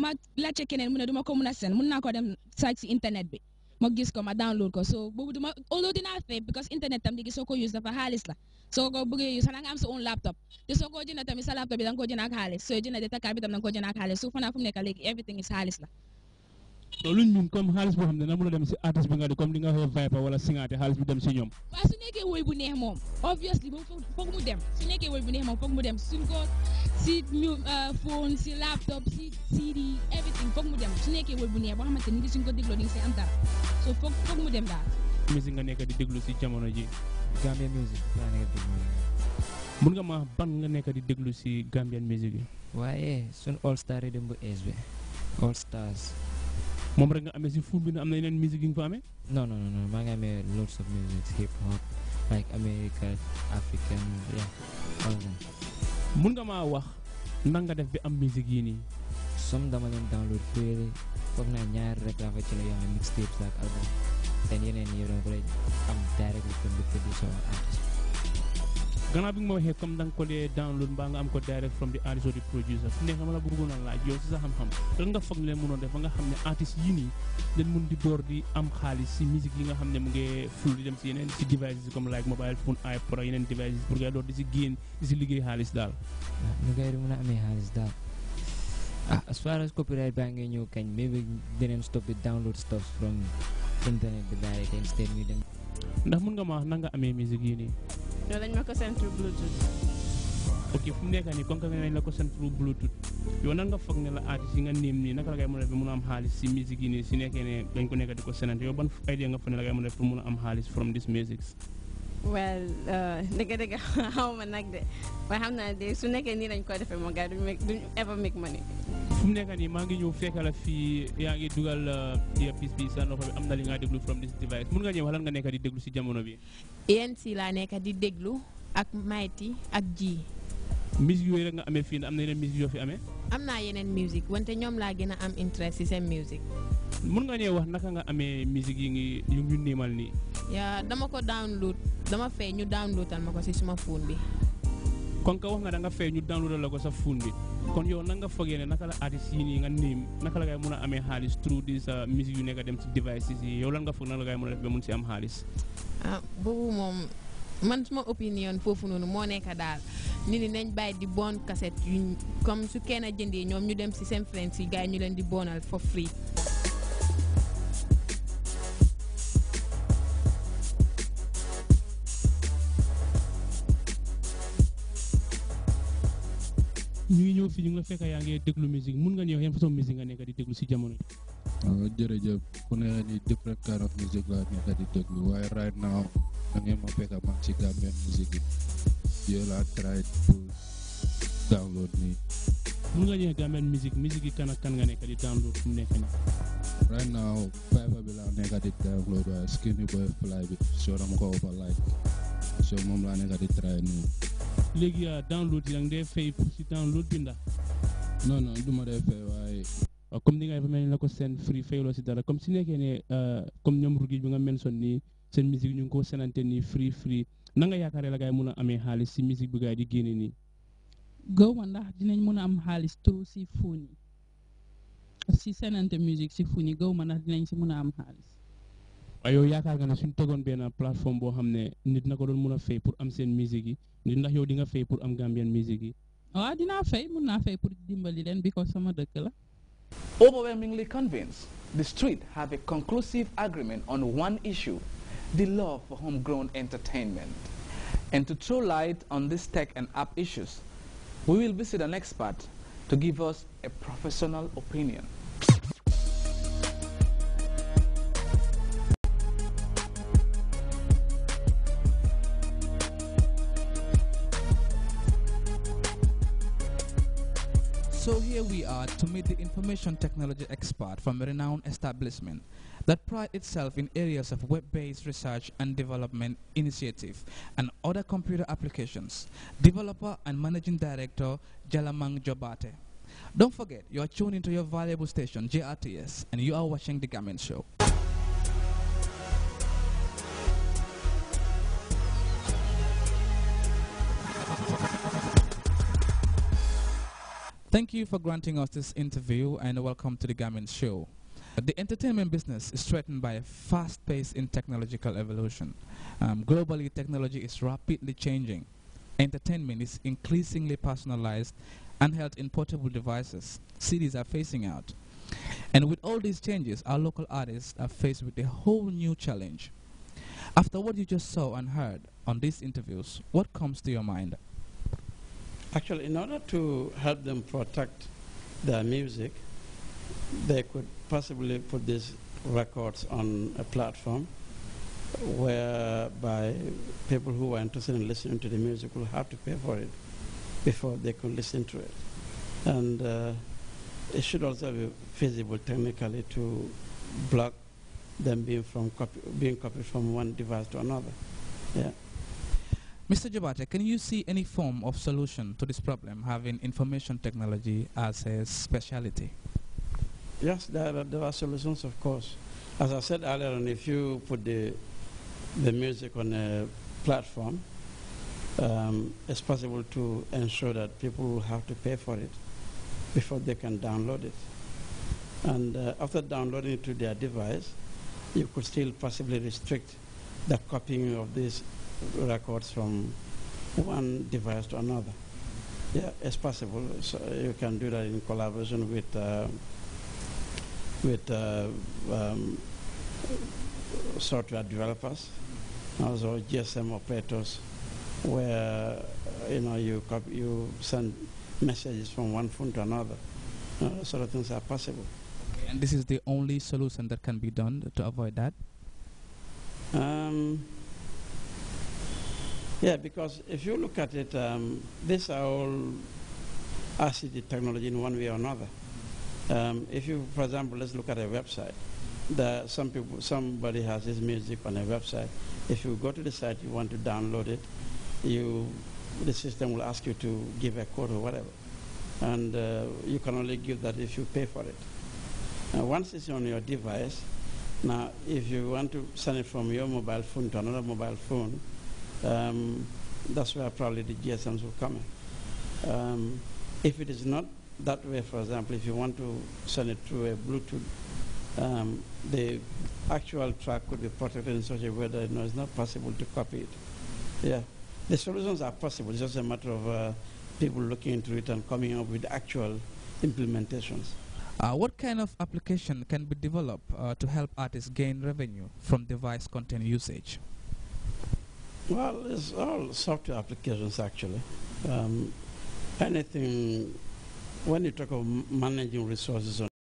ma laajte keneen mu ne du ma ko ko dem si internet bi ma gis ko ma download ko so boobu although because internet tam use dafa xaalis la So ko use xanaa nga am sa own laptop te soo ko jënd tamit sa laptop bi da ko ak data card bi tam da ko jënd ak so fu nekk everything is xaalis la to luñ mum comme xaalis boo xam na dem si artiste bi nga di comme li nga wala singaate xaalis bi dem si ñoom waa su bu neex obviously moom foog mu dem su nekkee woy bu neex moom mu dem suñ ko ñu euh, phone si laptop si CD everything foog mu dem su nekkee woy bu neex boo xamante ni suñ ko di am dara so foog foog mu dem daal musique nga nekk di jamono ji Gambian music laa nekk di déglu nga ma ban nga nekk di Gambian music yi sun all star dem bu SB all stars mom rek nga amé ci foot bi na am na musique yu nga fa amé non non non ma nga amé lots of music hip hop like american african yeah all that mën nga ma wax nan nga def bi am musique yi ni som dama len download féere foog na ñaar rek laa fa ci la yoo mixtape mixtapes ak album seen yenen yi rek am directly from the producer artist gannaaw bi nga waxee comme da nga ko dee download mbaa nga am ko direct from the artist or the producer fu nekk ma la bëggoon a laaj yow si sa xam-xam lan nga foog ne leen def ba nga xam ne artistes yii nii dañ mun di door di am xaalis si musique yi nga xam ne mu ngi a ah, te instead ñu mun nga ma na nga amee musique yii nii. non dañ through bluetooth ok fu nekk nii comme que dañ la ko seen through bluetooth yow nan nga foog ne la artiste yi nga néem naka la ngay mën a def a am xaalis si musique yi si nekkee ne dañ ko nekk di ko senante yow ban idée nga ne la ngay mën a pour a am xaalis from this music well dëgg-dëgg xaw ma nag de waaye xam naa de su nekkee nii koy defee moom gars duñ duñ ever make money mu nekk nii maa ngi ñëw fekk la fii yaa ngi dugal uh, earpiece bi sa nopp bi am na li nga déglu from this device mun nga ñëw lan nga nekk di déglu si jamono bi. ANC laa nekk di déglu ak Mighty ak ji. musique yooyu rek nga amee fii am na yeneen musique yoo fi amee. am naa yeneen musique wante ñoom laa gën a am interest si seen musique. mun nga ñëw wax naka nga amee musique yi ngi yu ñu niimal nii. yaa dama ko download dama fay ñu downloadal ma ko si suma phone bi. kon ka wax nga da nga fee ñu downloadal la ko sa phone bi kon yow nan nga fogee ne naka la artiste yi nii nga niim naka la ngay mën a amee xaalis through di sa uh, musique yu nekk dem ci devices yi yow lan nga foog naka la ngay mën a def ba mun si am xaalis. ah boobu moom man suma opinion foofu noonu moo nekk daal nit ñi nañ bàyyi di bon yu yuñ comme su kenn jëndee ñoom ñu dem si seen friends yi gars yi ñu leen di bonal foofu free. teewul fi ñu ngi la fekk yaa ngi déglu musique mun nga ñëw façon musique nga nekk di déglu si jamono yi waaw jërëjëf ku ne ni different kind of music nekk di déglu right now da ngeen ma fekk maa ci Gambian music yi yooyu iya try to download nii mun nga kan ya, ñëw Gambian music music kan ak kan nga ya, nekk di download nekk kan ya? right now five bi laa nekk di download skinny boy fly bi soo dama ko over like soo moom nekk di try nii léegi euh, download yi da dee fay si download bi ndax. non non du ma dee fay waaye. Ah, comme ni nga mel ni la ko seen free si dara comme si nekkee ne euh, comme ñoom rugi bi nga mention nii seen musique ñu ngi ko senante nii free free na nga yaakaaree la gaay mun a amee xaalis si musique bi gaay di génne ni gaw ma ndax dinañ mun a am xaalis trop si fóon yi si senante musique si fóon yi gaw ma ndax si mun a am xaalis. yow yaakaar nga ne suñ tegoon benn plateforme boo xam ne nit na ko doon mun a fay pour am seen musique yi nit ndax yow di nga fay pour am Gambian musique yi. waaw ah, dinaa fay mun naa fay pour dimbali leen because sama dëkk la. Overwhelmingly convinced, the street have a conclusive agreement on one issue, the love for homegrown entertainment. And to throw light on these tech and app issues, we will visit an expert to give us a professional opinion. we are to meet the information technology expert from a renowned establishment that prides itself in areas of web-based research and development initiative and other computer applications, developer and managing director Jalamang Jobate. Don't forget, you are tuned into your valuable station, JRTS, and you are watching The Garment Show. Thank you for granting us this interview and welcome to the Gamin Show. The entertainment business is threatened by a fast pace in technological evolution. Um, globally, technology is rapidly changing. Entertainment is increasingly personalized and held in portable devices. Cities are facing out. And with all these changes, our local artists are faced with a whole new challenge. After what you just saw and heard on these interviews, what comes to your mind? Actually, in order to help them protect their music, they could possibly put these records on a platform whereby people who are interested in listening to the music will have to pay for it before they can listen to it. And uh, it should also be feasible technically to block them being, from copy, being copied from one device to another. Yeah. Mr. Jabate, can you see any form of solution to this problem, having information technology as a specialty? Yes, there are, there are solutions, of course. As I said earlier on, if you put the, the music on a platform, um, it's possible to ensure that people will have to pay for it before they can download it. And uh, after downloading it to their device, you could still possibly restrict the copying of this records from one device to another. Yeah, it's possible. So you can do that in collaboration with uh, with uh, um, software developers, also GSM operators, where uh, you know you you send messages from one phone to another. Uh, sort of things are possible. Okay, and this is the only solution that can be done to avoid that. Um, yeah, because if you look at it, um, these are all RCD technology in one way or another. Um, if you, for example, let's look at a website. There some people, somebody has his music on a website. If you go to the site, you want to download it, you, the system will ask you to give a code or whatever. And uh, you can only give that if you pay for it. Now, once it's on your device, now if you want to send it from your mobile phone to another mobile phone, um, that's where probably the GSMs will come in. Um, if it is not that way, for example, if you want to send it through a Bluetooth, um, the actual track could be protected in such a way that it's not possible to copy it. Yeah, the solutions are possible. It's just a matter of uh, people looking into it and coming up with actual implementations. Uh, what kind of application can be developed uh, to help artists gain revenue from device content usage? Well, it's all software applications actually. Um, anything, when you talk of managing resources on